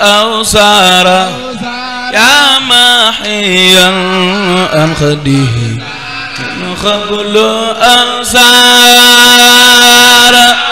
أوسارا يا محيا أنخديه خديه من قبل أنصارا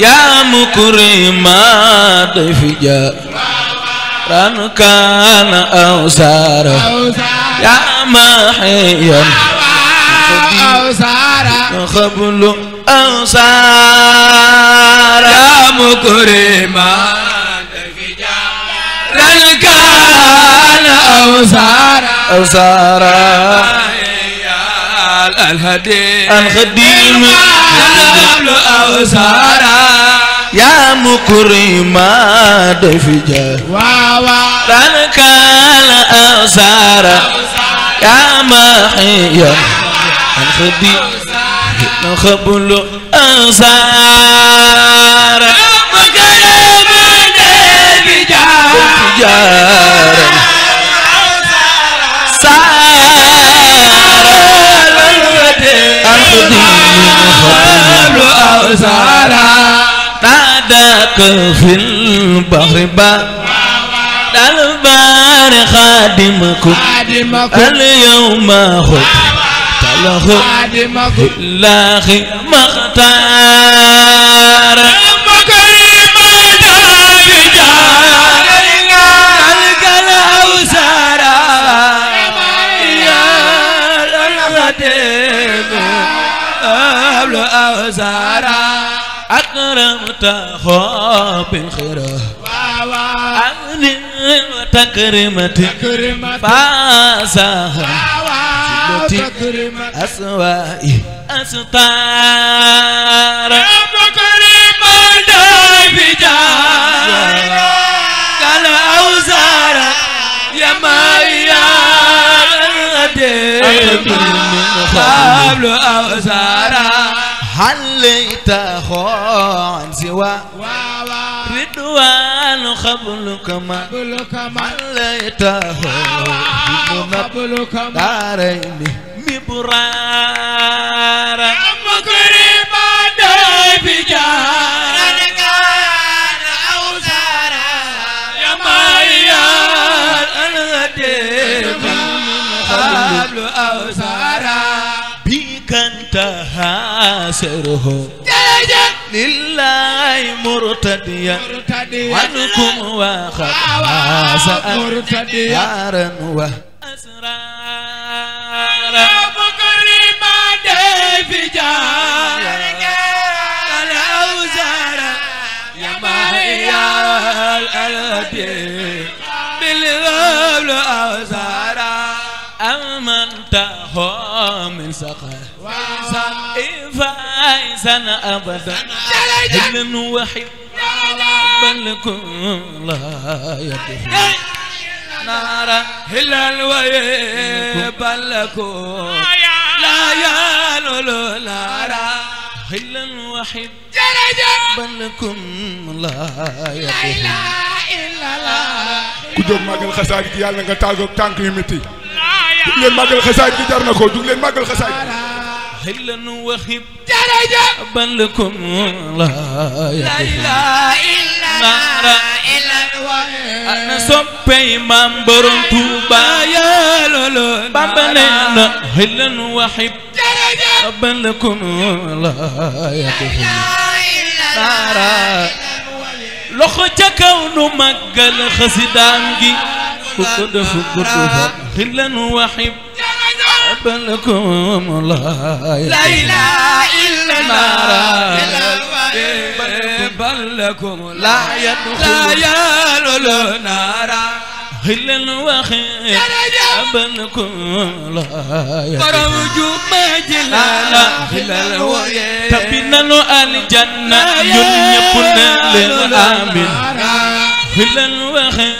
يا مكرم ضيفيا ران كان أوسارا يا محيا أوسارا خبل أوسارا يا مكرم ضيفيا ران كان أوسارا أوسارا الهدي الخديم يا أوسارا يا مكرم دفجا رنكال أوزارا يا محيا أنخدي نخبل يا مكرم دفجا دفجا أخذي من ناداك في البحر باب البار خادمكم اليوم خد تلخ خادمكم الله مختار تخو بالخير أغني تكرمتي فاسهم أسوائي أستار بكرم الدار قال أوزار يا مايا قبل أوزارك حليته عن سوى رضوان قبلك ما حليته بمنى دارين مبرارا منتهى سره لله مرتديا عنكم وخلاصا مرتديا وأسرارا مكرما في جارك الأوزار يا ماهي الأرض بالغبل أوزار أنته من سقر فايزا أبدا جل وحيد بل كل يدفع نارا هلال ويبل كل لا يالو نارا هلال وحيد بل لا اله الا الله màggal xasaar gi yàlla nga tàggoog tànk yu jug leen خسائر xasaay دارنا jar na ko jug leen màggal xasaay هلا وهب درجة بلكم لا إله إلا الله أنا سبي مام برون توبا يا لولو بابنا هلا وهب درجة بلكم لا لا إلا الله لخو تكون مقل خسدانجي فقد فقد خلا وحب بلكم لا إله إلا الله بل لكم لا يدخل نارا هلا وخير ابنكم لا فروج مجلا لا هلا وخير تبنى الجنه ينيبنا للامين فلا وخير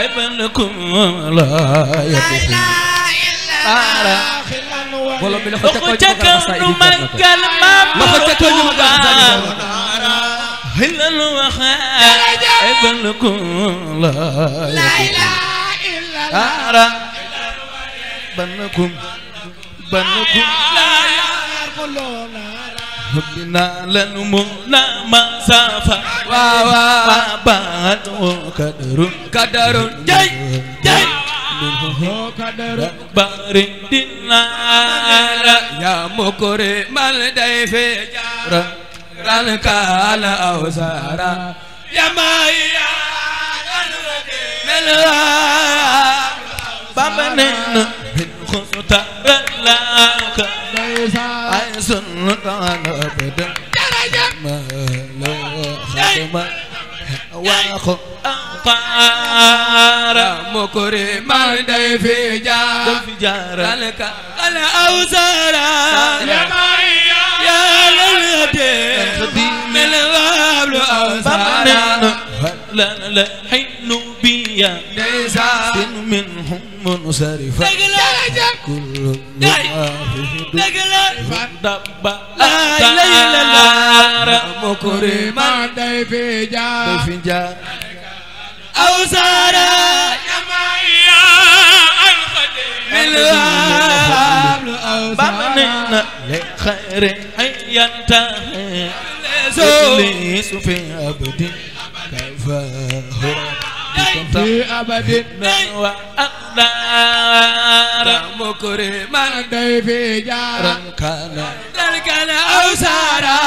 ابنكم لا يبكي لا هلل وخير ابنكم لا اله الا آه، الله بنكم بنكم آه، لا لا لا لا لا لا لا لا لا لا لا لا يا حبنا للمنى ما سافى وما بعده قدر قدر جاي جاي قدر بارد النار يا مكرم الضيف جار رانك على أوزارا يا مايا ملوا بابنين لا لا حين بي ليا سن منهم منصرفا كل ما في دب لا إله مكرما ضيف جا ضيف جا أو سارا يا مايا الخدم بمننا لخير أن ينتهي سوف في أبدي بأبد وأقدار مكرما ضيف جار كان ذلك الأوسارا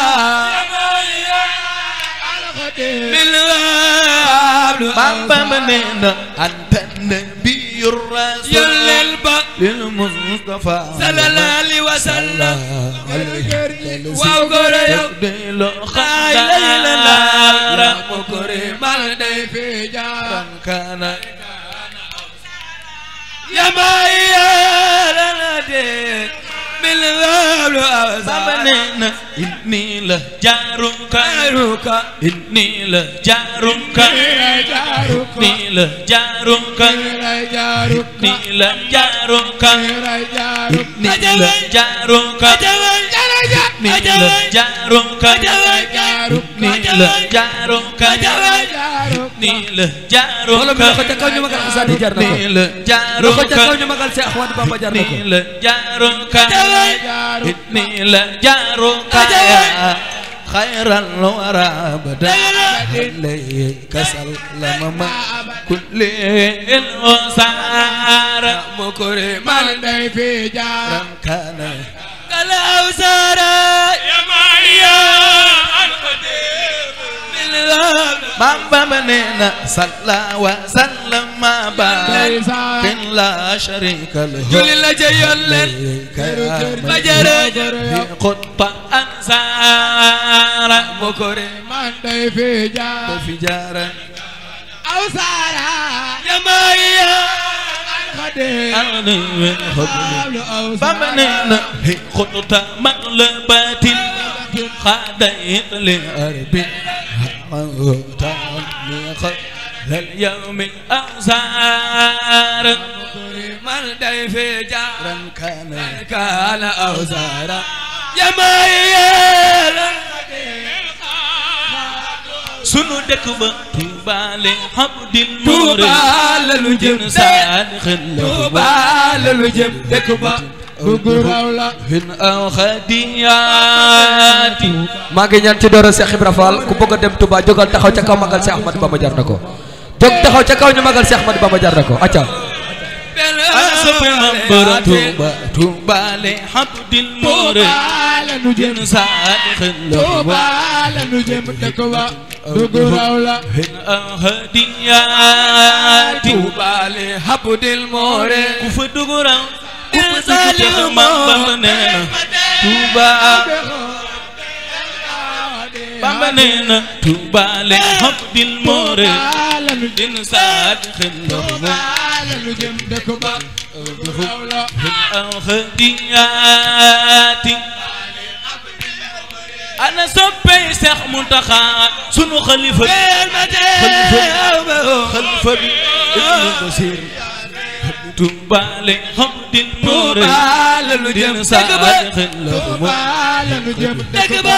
بالوابل بابا من أنت النبي الرسول للمصطفى صلى الله عليه وسلم واو غوريو ديلو خايل لنا رب كريم الدي في جار كان يا ما يا لنا دي mel loolu la jaaruka jaaruka nii la jaaroo ka nii la jaaroo ka nii la jaaroo ka nii la jaaroo ka yaa xayral waraa badaa lay kasal la mama kulli il wasaara mu kuri man day fi jaaram kaana kala awsaara ya maariya al qadir بابا بنينا صلى وسلم بارك لا شريك له جل لا جيل بجر قطب انصار بكر من في جار في جار او سارا يا مايا فمننا خطة مغلبات خادت لأربي تعود قبل اليوم الأوزار مطرما الضيف جارا كان كان nuur tuubaale lu jëm saalixin ba maa ngi ñaan ci doora Cheikh Ibra Fall ku bëgg a dem Touba jógal taxaw ca kaw magal Cheikh Ahmad Bamba jar na ko taxaw ca kaw ñu magal Cheikh Ahmad ko acca Saliou Bamba nee na Touba Bamba nee na Touba li habdil moore din saat xindox mu lalu jëm dëkk ba alxadiyaati ana soppey Seex Muntaxa sunu xalifa bi xalifa bi xalifa bi ibnu Basiir tubaale xam di tubaale lu jëm dëgg ba tubaale lu jëm dëgg ba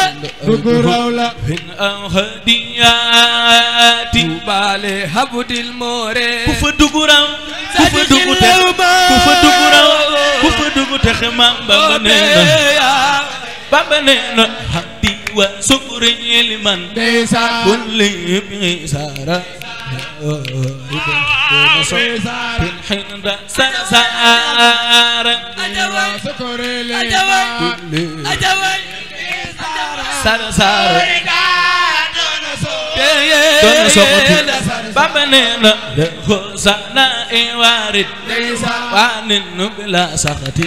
dugg raw la min am hadiyaati tubaale habdil moore ku fa dugg raw ku fa dugg te ku fa dugg raw ku fa dugg te xemam bamba nee na bamba nee na hadi wa sukri liman kulli bisara حين سنسار سكري سنسار دون سقط بابنين خزانا وارد وان بلا سخط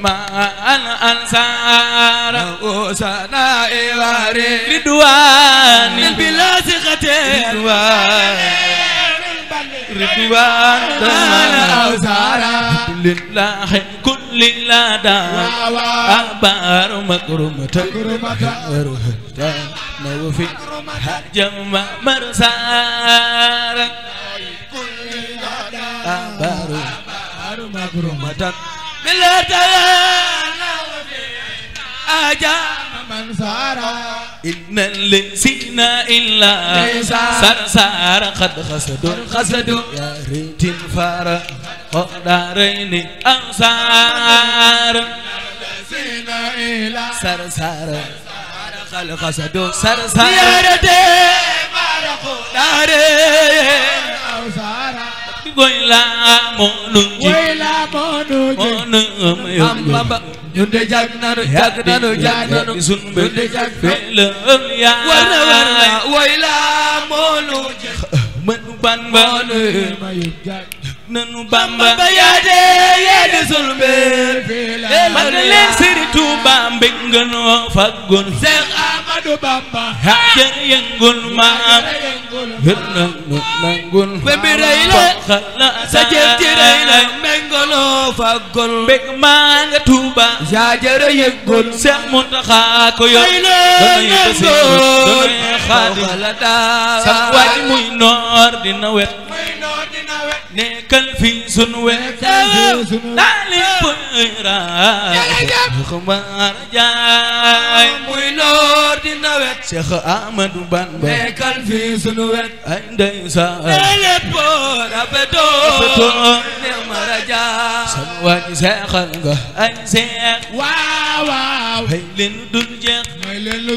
ما أنا أنصار وسنا إيواري ردوان بلا سخط ridwaan ridwaan dana awsaara lillahi kulli lada abar makrumata ruhta nawfi hajama marsaara abar makrumata bilata nawfi aja من سارا إن الذين إلا سار سار قد خسدوا خسدوا يا ريت فار قدارين أنصار الذين إلا سار سار قد خسدوا سار سار يا ريت فار قدارين أنصار goyla monu goyla monu monu amma ba yunde jag nanu jag nanu jag nanu sun yunde jag fele ya wala wala goyla monu man ban monu nanu bamba ba yaade yaade sunu mbir man leen Serigne Touba mbég nga noo faggoon Cheikh Amadou Bamba hajar yëngul ma am gën na nu nangul wembi rey la sa jëf ji rey la mengaloo faggoon mbég maa nga Touba yaajara yëngul Cheikh Mountakha ko yor danay basiru danay xaadim sa waaj muy noor dina wet muy noor dina wet nekkal fi sun wet daalin përaat xubaar jaay muy loor di nawet Cheikh Ahmadou Bamba nekkal fi sun wet ay ndeysaan lépp rafetoon ne mara jaay san waaj seexal nga ay seex waaw waaw may leen dul jeex may leen lu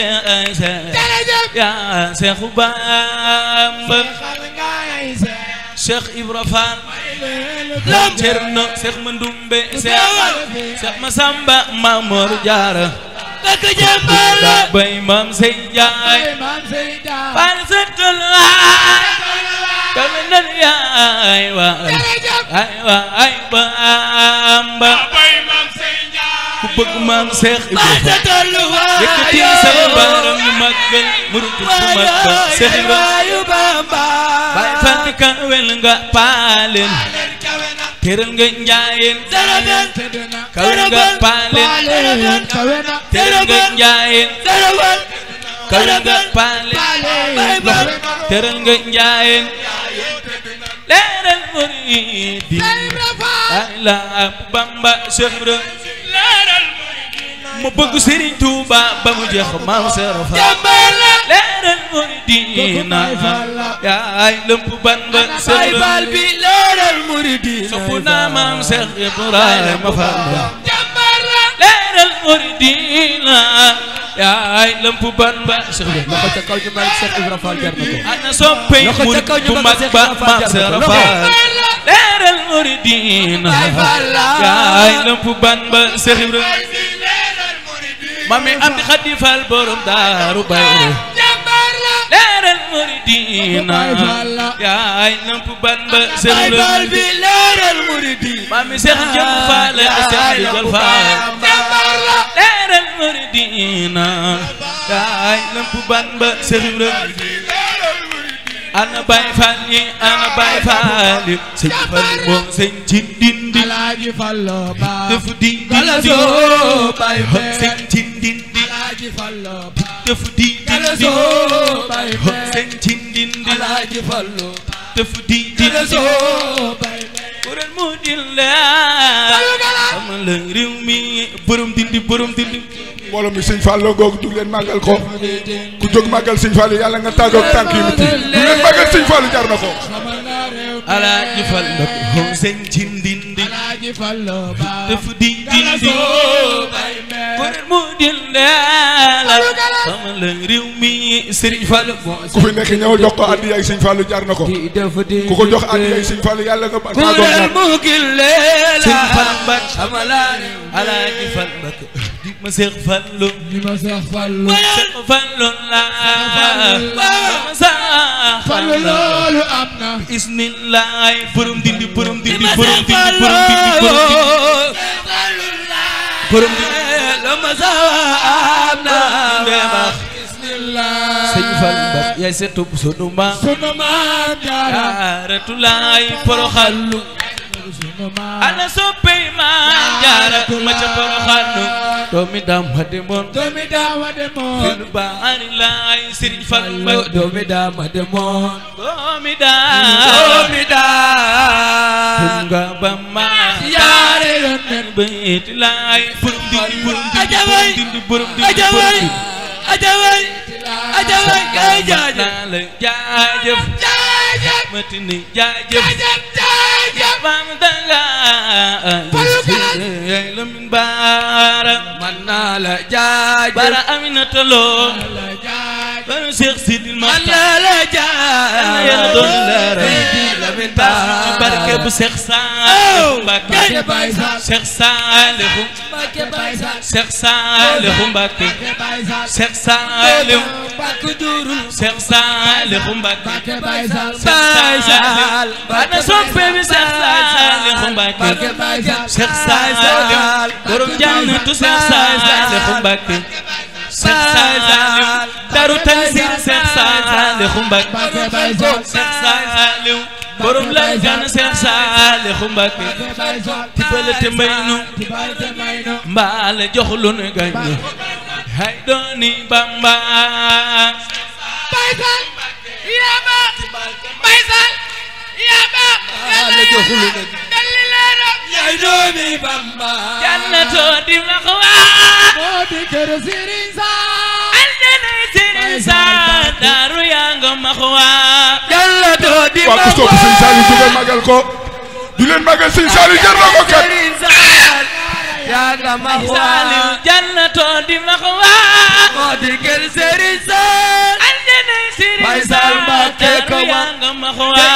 ay seex yaa seexu Bamba Cheikh Ibra Fall Maam Cerno Cheikh Mandumbe Cheikh Masamba Mamor Jaara dëkk jëmbal bay maam sey jaay Fall santul waay dama nan yaay waay waay waay bëgg maam Seex Ibra yëkkati sa baram yu màggal murutu su màggal Seex Ibra baay fàtte kawel nga paaleen teral nga njaayeen kawel nga paaleen teral nga njaayeen kawel nga paaleen teral nga njaayeen leeral murid di la Bamba Seex Ibra mu bëgg Serigne Touba ba mu jeex maam Seex Faal leeral muridina yaay lëmp ban ba Serigne Faal bi leeral muridina sopp naa maam Seex Ibrahima Faal leeral muridina yaay lëmp ban ba loxo ca kaw ñu mag Cheikh Ibra Fall jar na ko ana soppey murid bu mag muridina yaay lëmp ban ba Cheikh Ibra muridina yaay lëmp ban ba Cheikh Ibra maami Seex jëm faal ak Seex digal faal leeral muridina daay lamp Bamba Seex Ibra ana Baay Faal yi ana Baay Faal yi sëñ Faal moom sëñ ci dindi alaaji Fallo ba Baay Faal di dindi Baay Faal kuréel mu di la xamal la réew mi borom dindi borom dindi mbooloo mi sëñ Fallou googu du leen màggal ko ku jóg màggal sëñ Fallou yàlla nga tàggoog tànk yi muti du leen màggal sëñ Fallou jar na ko ala jëfal la ko sëñ cindi ji fallo ba def di dindi kuréel mu dindalal xamal la réew mi Serigne Fallou ku fi nekk ñëw jox ko addi ay Serigne Fallou jar na ko ku ko jox addi ay Serigne Fallou yàlla nga ba kuréel mu dindalal xamal la réew mi Serigne Fallou di ma seex fallu di ma seex fallu seex fallu laa fallu loolu am na bismillaay borom dindi borom dindi borom dindi borom dindi borom dindi la ma sa am na bismillaay sëñ Fall ba yaay seetub sunu maam sunu maam jaara jaara tulaay poroxallu ana soppey maam jaara ma ca Porokhane doomi daam hade moon doomi daam hade moon baari laay Sëriñ Fallu doomi daam hade moon doomi daam doomi daam nga bamma yaare yonnen bayit laay borom dindi borom dindi borom dindi borom dindi ajaway ajaway jaajëf jaajëf jaajëf matini jaajëf jaajëf la jaajëf bara Aminata Lo bara Cheikh Sidil Mokhtar la jaajëf Lamine Ba barke bu Cheikh Saliou oh. Mbacké Cheikh Saliou Cheikh Saliou Mbacké Cheikh Cheikh borom la gan seen Saalihu Mbàkke tibale te mbay nu mbaale jox lu nu gañ hay dooni Bamba baysal yaba baysal yaba mbaale jox lu nu gañ dalli leero hay dooni Bamba jannato dim la xawa moo di kër Sëriñ Saal al dana Sëriñ Saal daaru yaa nga maxwaa jàllatoo di maxwaa waa ku soog Serigne Saliou jógal magal ko du leen magal Serigne Saliou jar na ko kat yaa nga maxwaa Saliou jàllatoo di maxwaa moo di kër Serigne Sall ànd nañ Serigne Sall Mbacké ko waa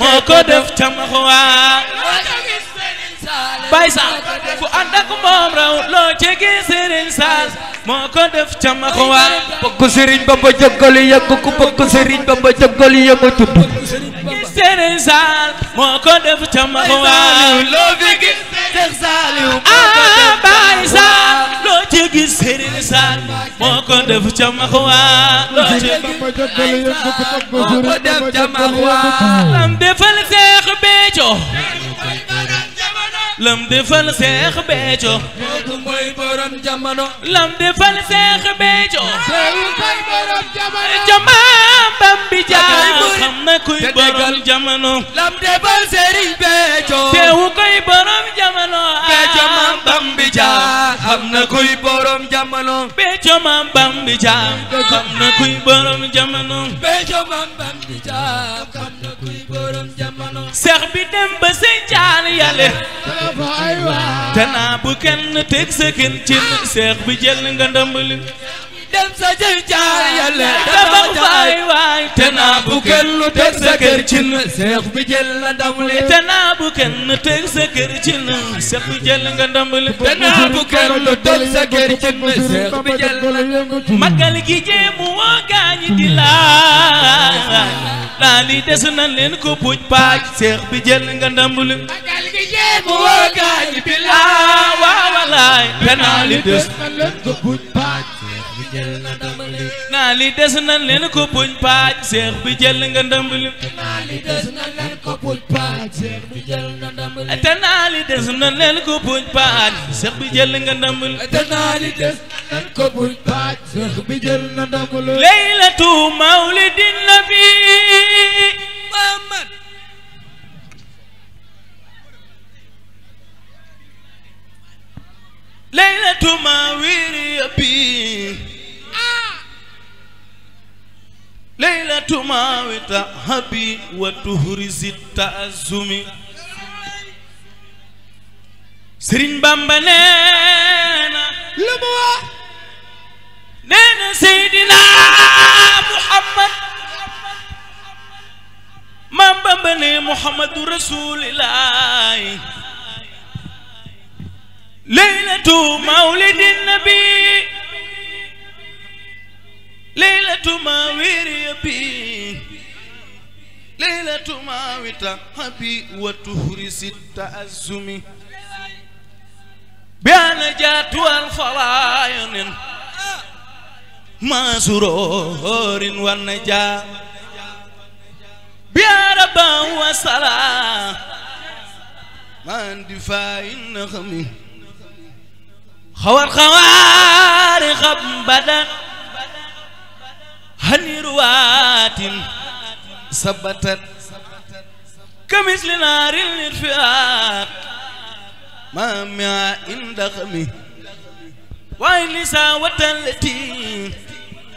moo ko def ca maxwaa bay saal ku ànd ak moom raw loo ci gis Serigne moo ko def ca maxwaa bëgg Serigne Bamba ku bëgg Serigne Bamba jëggali yëngu tudd Serigne Sall moo ko def ca maxwaa loo fi gis Serigne Sarr moo ko def ca Maxwaa loo ci moo ko def ca Maxwaa lam defal seex lam defal seex beeco kooku mooy borom xam na kuy borom jamono lam defal sëriñ xam na kuy borom jamono beeco maam bi seex bi dem ba sëñ jaar yàlla danaa bu kenn teg sa kenn cin seex bi jël nga ndambali Ah, ah, ah, te naa bu kenn teg sa kër cin seex bi jël la ndamle te te naa bu kenn teg sa kër cin seex gi jéemu woo gaañi di laa daal di des na leen ko puj paaj seex bi jël nga ndamle magal gi jéemu woo gaañi di laa waa walaay te jël na dambali naa li des nan leen ko puñ paaj seex bi jël nga dambali naa li des nan leen ko puñ paaj seex bi jël nga dambali te naa li des nan leen ko puñ paaj seex bi jël nga dambali te naa li des nan ko puñ paaj seex bi jël na dambali laylatu mawlidin nabi Muhammad laylatu mawlidin nabi ليلة ما وتهبي وتهرز التأزمي سرين نانا لبوا نانا سيدنا محمد مامبا بني محمد رسول الله ليلة مولد النبي ليلة ما ويريبي ليلة ما وتحبي وتهري ست أزمي بأن جات والفلاين ما سرور والنجاة بأربا وصلاة ما اندفاع النغم خوار خوار خبدت hani ruwaatin sabatat kamis li naaril nit fi aat ma mia inda xami waaye lisa watalleti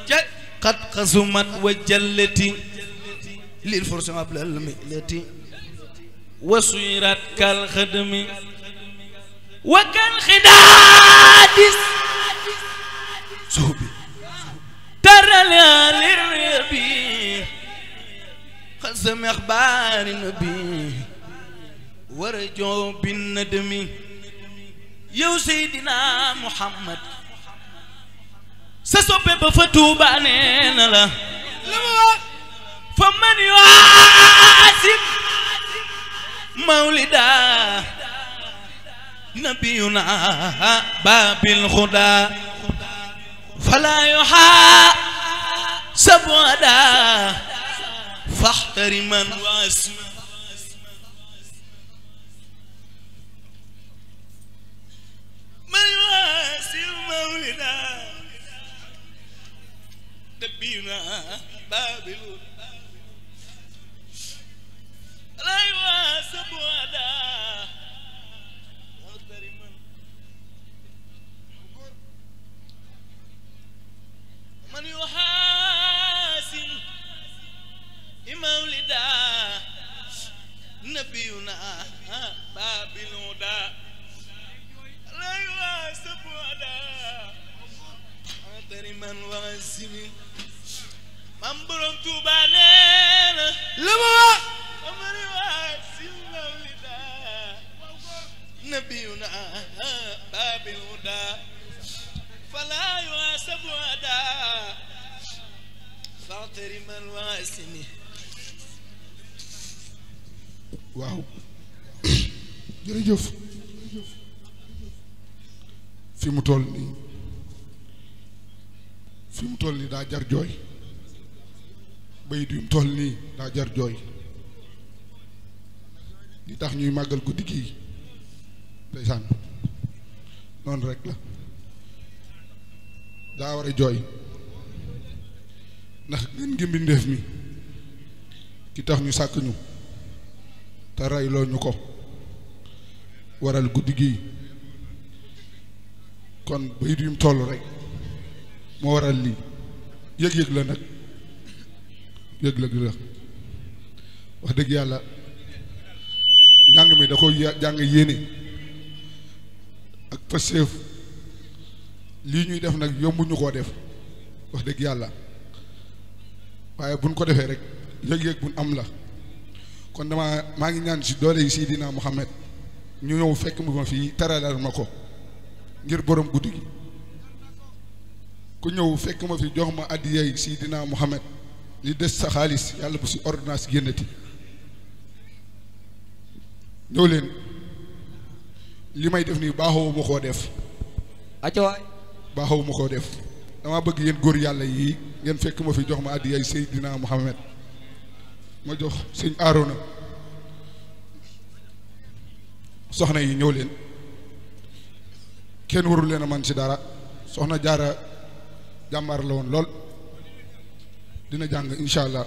ja qad xasumat wa jalleti lil forcément ablal milati wa suyrat kal xadmi wa kal xidaadis لازم أخبار النبي ورجو بالندم يا سيدنا محمد سسوبي بفتوبة نينا لا فمن يعاسم مولدا نبينا باب الخدا فلا يحاسب أدا فاحترم من واسم من واسم مولا نبينا بابل لا يواسب ولا فاحتر من من يحاسب لمولدا نبينا باب الهدى لا يحاسب ولا عذر من واسم من برم توبانين لما أمر واسم مولدا نبينا باب الهدى فلا يحاسب ولا فاعتر من واسمه waaw jërëjëf fi mu toll nii fi mu toll nii daa jar jooy bayit wi mu toll nii daa jar jooy li tax ñuy màggal guddi gii ndeysaan noonu rekk la daa war a jooy ndax ngeen ngi mbindeef mi di tax ñu sàkk ñu te reyloo ñu ko waral guddi gi kon bayit yu mu toll rek moo waral lii yëg-yëg la nag yëg-yëg la wax dëgg yàlla njàng mi da ko jàng yéene ak pëseef lii ñuy def nag yombu ñu koo def wax dëgg yàlla waaye buñ ko defee rek yëg-yëg buñ am la kon dama ma ngi ñaan ci doole yi sidina mohammed ñu ñëw fekk mu fi fii teralal ma ngir borom guddigi ku ñëw fekk ma fi jox ma addiya yi sidina mohammed li dess sa xaliss yàlla bu ci ordonnance génnati ñëw leen li def ni baaxoo mu ko def way baaxoo mu ko def dama bëgg yéen gor yàlla yi ngeen fekk ma fi jox ma addiya yi sidina mohammed ma jox sëñ Arouna soxna yi ñëw leen kenn warul leen a man ci dara soxna jaara jàmbaar la woon lool dina jàng incha allah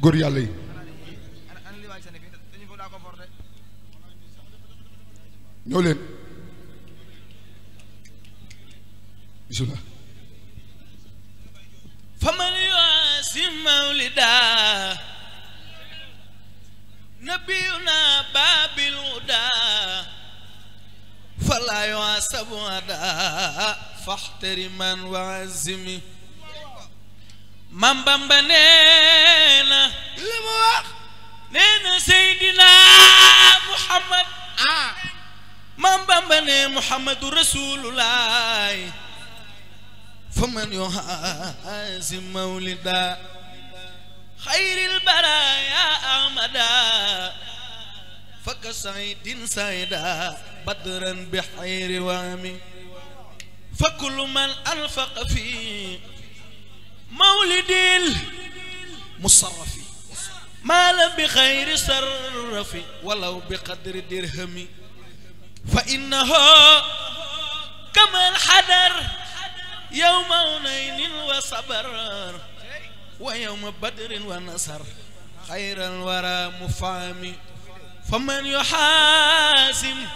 góor yàlla yi ñëw leen bisimilah si mawlida nabiyuna babil huda fala yuasabu ada faxtariman wa azimi mambamba nee na li mu wax nee na seydina muhammad ah. mambamba nee muhammadu rasulullahi فمن يهازم مولدا خير البرايا أعمدا فكسعيد سعيدا بدرا بحير وامي فكل من أنفق في مولد المصرف مالا بخير صرف ولو بقدر درهمي فإنه كما الحدث يوم هنين وصبر ويوم بدر ونصر خير الورى مفام فمن يحاسم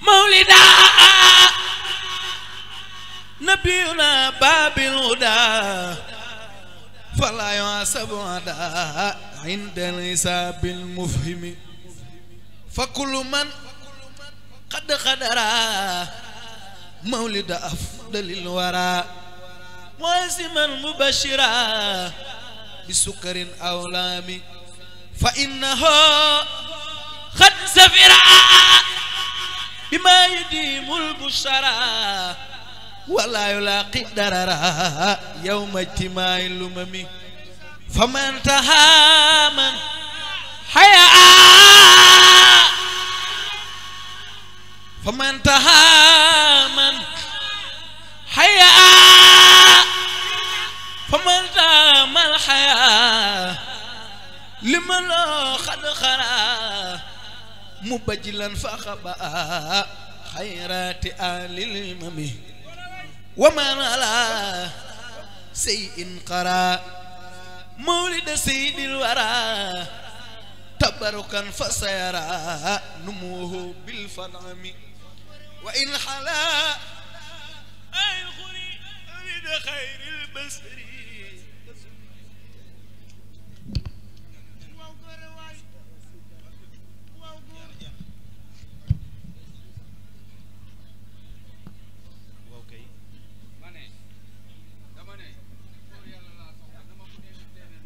مولدا نبينا باب الهدى فلا يعصب عدا عند الحساب المفهم فكل من قد قدره مولد أفضل الورى موازما مبشرا بسكر أولامي لام فإنه قد سفرا بما يديم البشرى ولا يلاقي دررا يوم اجتماع الأمم فمن تهامن حياء فمن تهامن حياء فمن تهامن الحياء لمن خد خرا مبجلا فخبا خيرات آل الإمم ومن على سيء قرا مولد سيد الورى تبركا فسيرى نموه بالفنعم وإن حلا أي أيخري أريد خير البصري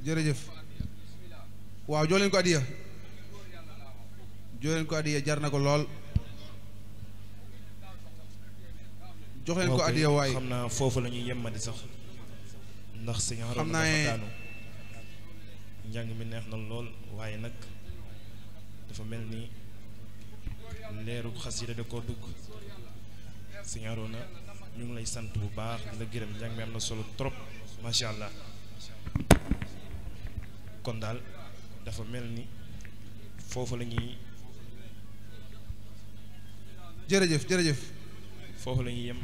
jërëjëf waaw joo leen ko adiya joo leen ko adiya jarnako lol jox leen ko addiya waay xam naa foofu la ñuy yemmadi sax ndax sëñ Harouna dafa daanu njàng mi neex na lool waaye nag dafa mel ni leeru xasida da koo dugg sëñ Harouna ñu lay sant bu baax la gërëm njàng mi am solo trop macha allah kon daal dafa mel ni foofu la ñuy foofu la ñuy yem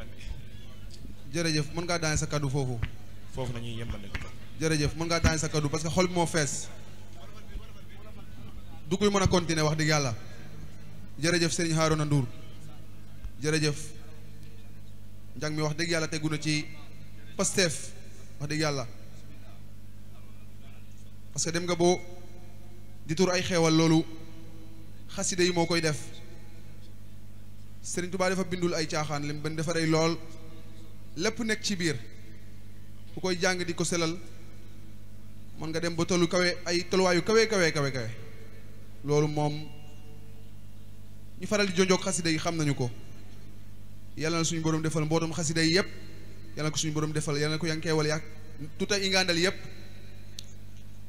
mën ngaa daane sa kaddu foofu la ñuy yem jërëjëf mën ngaa daane sa que xol moo fees du koy mën a continuer wax dëgg yàlla jërëjëf Serigne Harouna Ndour jërëjëf njàng mi wax dëgg yàlla tegu na ci Pastef wax dëgg yàlla parce que dem nga boo di tur ay xeewal loolu xasida yi moo koy def Serigne Touba dafa bindul ay tiaxan lim ban defaree lol lepp nek ci bir ku koy jang di ko selal mën nga dem ba tolu kawé ay tolluwaayu kawe kawe kawe kawe lolou Mom ñu faral di jonjoog khasside yi xamnañu ko yalla suñu borom defal Borom khasside yi yep yalla ko suñu borom defal yalla ko yanké wal yak tuta ingandal yep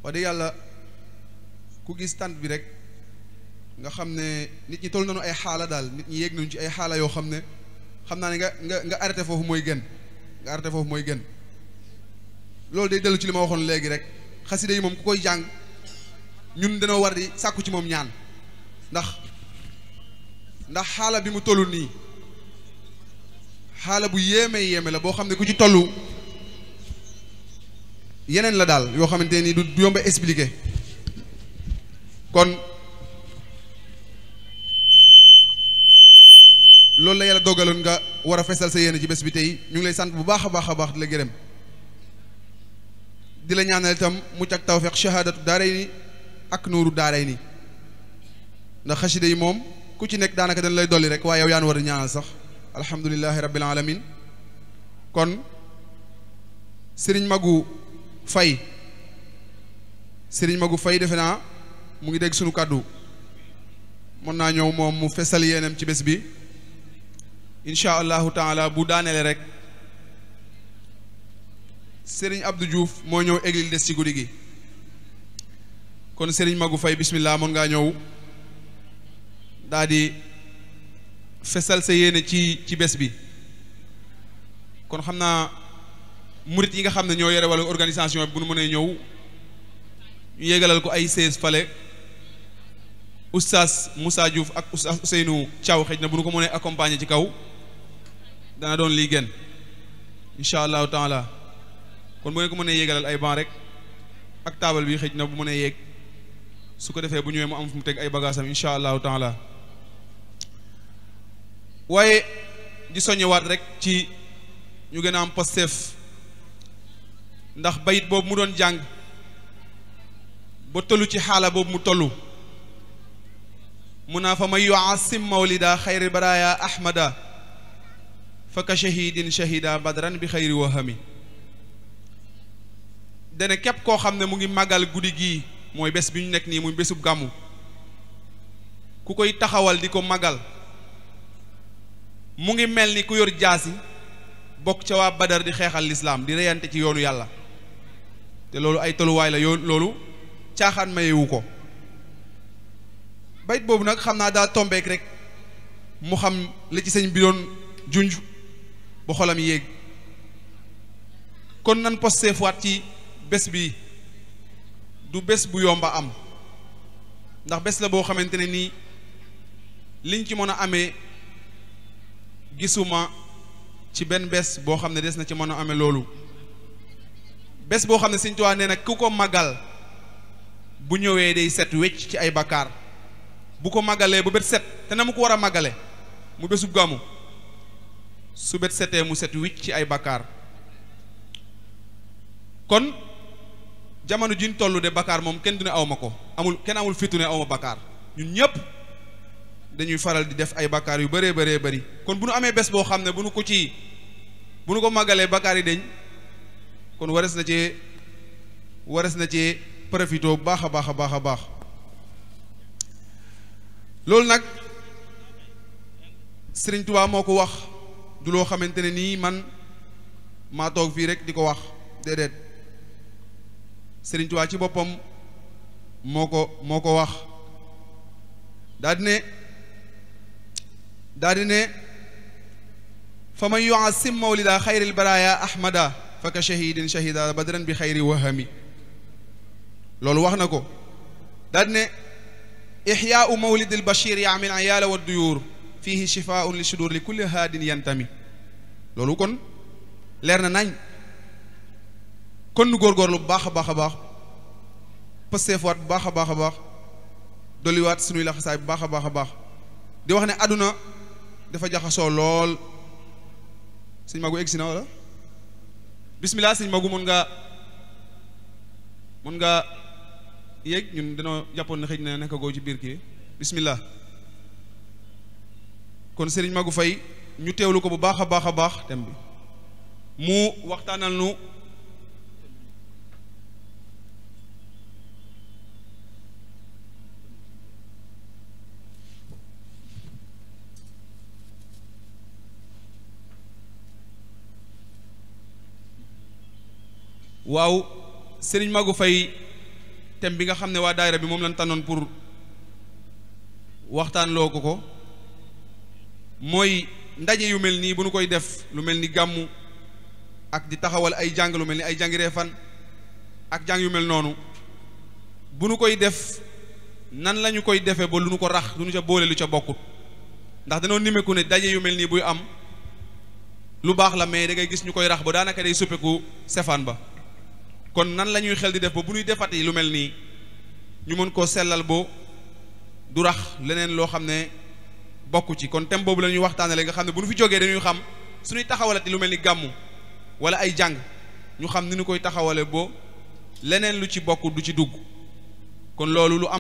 wa de yalla ku gis bi rek nga xam ne nit ñi toll nañu ay xaala daal nit ñi yéeg nañu ci ay xaala yoo xam ne xam naa ne nga nga nga arrêté foofu mooy gën nga arrêté foofu mooy gën loolu day dellu ci li ma waxoon léegi rek xasida yi moom ku koy jàng ñun dañoo war di sàkku ci moom ñaan ndax ndax xaala bi mu tollu nii xaala bu yéeme yéeme la boo xam ne ku ci toll yeneen la daal yoo xamante nii du yomba expliqué kon loolu la yàlla dogaloon nga war a fesal sa yéene ci bés bi tey ñu ngi lay sant bu baax a baax a baax di la gërëm di la ñaanal itam mucc ak tawfeex shahaadatu daaray ni ak nuuru daaray ni ndax xasida yi moom ku ci nekk daanaka dañ lay dolli rek waaye yow yaan war a ñaanal sax alhamdulilahi rabbil alamin kon sëriñ magu fay sëriñ magu fay defe naa mu ngi dégg sunu kàddu mën naa ñëw moom mu fesal yéenam ci bés bi incha allahu taala bu daaneele rek Serigne Abdou Diouf moo ñëw église des ci guddi gi kon Serigne Magu Fay bismillah mën ngaa ñëw daadi di fesal sa yéene ci ci bés bi kon xam naa murit yi nga xam ne ñoo yore wala organisation bi bu nu mënee ñëw ñu yégalal ko ay sees fale oustaz Moussa Diouf ak oustaz Ousseynou caaw xëj na bu nu ko mënee accompagner ci kaw dana doon lii gën incha allahu taala kon bu ngeen ko mënee yéegalal ay banc rek ak taabal bi xëj na bu mënee yéeg su ko defee bu ñëwee mu am fu mu teg ay bagaasam incha allahu taala waaye di soññewaat rek ci ñu gën a am posteef ndax bayit boobu mu doon jàng ba tollu ci xaala boobu mu tollu mu naa fa may yuasim mawlida xayri baraya ahmada fa ka shahidin shahida badran bi khairi wahami hami dene kep ko ne mu ngi magal gudi gi moy bes biñu nek ni nii besub gamu ku koy taxawal diko magal mu ngi mel ku yor jasi bok ci wa badar di xexal l'islam di reyante ci yoonu yalla te lolu ay way la lolu loolu mayewu ko bayit bobu nak xamna da tomber rek mu xam li ci bi doon junj ba yéeg kon nan posté fuwaat ci bés bi du bés bu yomba am ndax bés la boo xamante ne nii liñ ci mën a amee gisuma ci benn bés boo xam ne des na ci mën a amee loolu bés boo xam ne Sëñ Tuubaa nee na ku ko màggal bu ñëwee day set wecc ci ay bakkaar bu ko màggalee bu bët set te na mu ko war a màggale mu bésu gàmmu su bet setee mu set wicc ay bakar kon jamanu jin tollu de bakar mom kenn dina awma ko amul kenn amul fitu ne awma bakar ñun ñëpp dañuy faral di def ay bakar yu bëree bëri kon buñu amé bes bo xamné buñu Bunu ko ci buñu ko magalé yi kon waras na ci waras na ci profito bu baax a baax lol nak serigne touba moko wax du lo xamantene ni man ma tok fi rek diko wax dedet serigne touba ci bopam moko moko wax dadine dadine faman yu'assim mawlida khairil baraya ahmada fa shahidin shahida badran bi khairi wahmi lolou wax nako dadine daa di ne mawlidil bashir yaamil ayala wad duyur فيه شفاء li لكل هاد ينتمي loolu kon leer na nañ kon góor góorgóorlu bu baax a baax a baax pësteefuwaat bu baax a baax a baax dolliwaat suñuy laxasaay bu baax a baax a baax di wax ne àdduna dafa jaxasoo lool sëñ magu egsi na wala bismillah sëñ magu mun nga mun nga yéeg ñun dañoo jàppoon na xëy na nekk goo ci biir kii bismillah kon sëriñ magu fay ñu teewlu ko bu baax a baax a baax thème bi mu waxtaanal nu waaw Serigne Magu fay thème bi nga xam ne waa daayira bi moom lañ tànnoon pour waxtaan loo ko ko mooy ndaje yu mel nii bu nu koy def lu mel ni gàmmu ak di taxawal ay jàng lu mel ni ay jàngi reefan ak jàng yu mel noonu bu nu koy def nan la koy defee ba lu ko rax lu ca boole ca bokkut ndax danoo nimmeeku ne daje yu mel nii buy am lu baax la mais da ngay gis ñu koy rax ba daanaka day suppeku sefaan ba kon nan la ñuy xel di def ba bu defat lu mel nii ñu mën koo sellal bo du rax leneen loo xam ne bokk ci kon thème boobu la ñuy waxtaanee nga xam ne bu ñu fi jógee dañuy xam suñuy taxawalati lu mel ni gàmmu wala ay jàng ñu xam ni ñu koy taxawalee boo leneen lu ci bokk du ci dugg kon loolu lu am